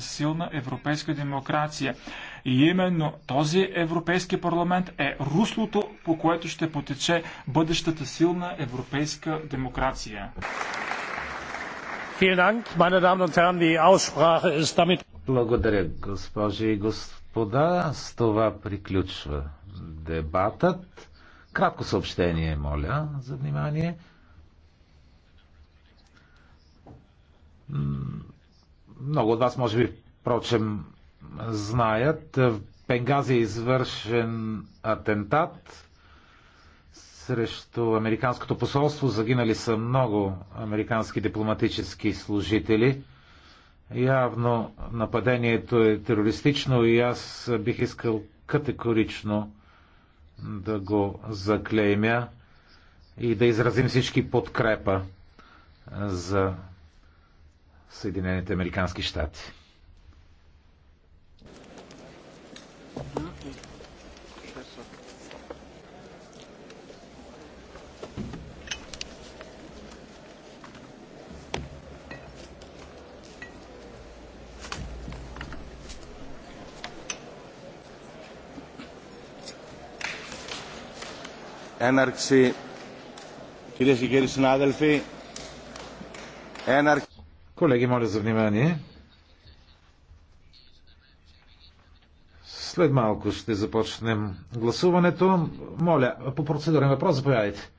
силна европейска демокрация. И именно този Европейски парламент е руслото, по което ще потече бъдещата силна европейска демокрация. Благодаря, госпожи и господа. С това приключва дебатът. Кратко съобщение, моля, за внимание много от вас, може би, впрочем, знаят, в Бенгази е извършен атентат срещу Американското посолство. Загинали са много американски дипломатически служители. Явно нападението е терористично и аз бих искал категорично да го заклеймя и да изразим всички подкрепа за Съединените Американски щати. Έναρξη, κυρίες και κύριοι συνάδελφοι, έναρξη. Колеги, моля за внимание. След малко ще започнем гласуването. Моля, по процедурен въпрос, заповядайте.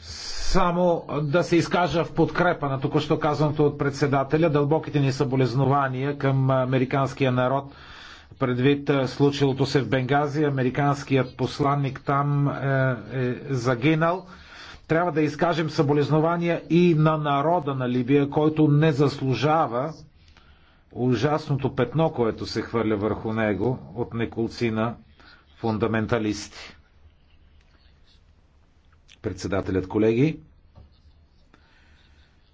Само да се изкажа в подкрепа на току-що казаното от председателя. Дълбоките ни съболезнования към американския народ предвид случилото се в Бенгази. Американският посланник там е, е загинал. Трябва да изкажем съболезнования и на народа на Либия, който не заслужава ужасното петно, което се хвърля върху него от неколцина фундаменталисти. Председателят, колеги,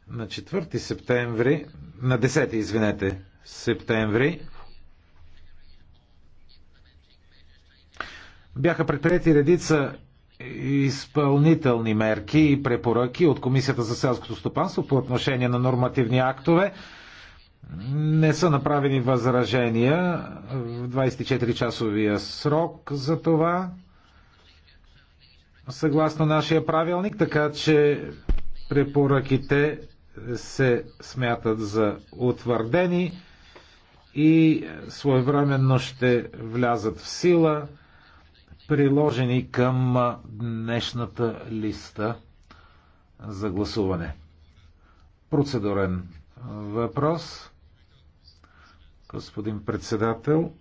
на 4 септември, на 10, извинете, септември, бяха предприяти редица изпълнителни мерки и препоръки от Комисията за селското стопанство по отношение на нормативни актове. Не са направени възражения в 24-часовия срок за това, съгласно нашия правилник, така че препоръките се смятат за утвърдени и своевременно ще влязат в сила приложени към днешната листа за гласуване. Процедурен въпрос. Господин председател,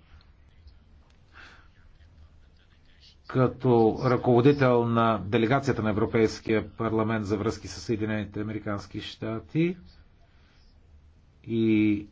като ръководител на делегацията на Европейския парламент за връзки с Съединените Американски щати и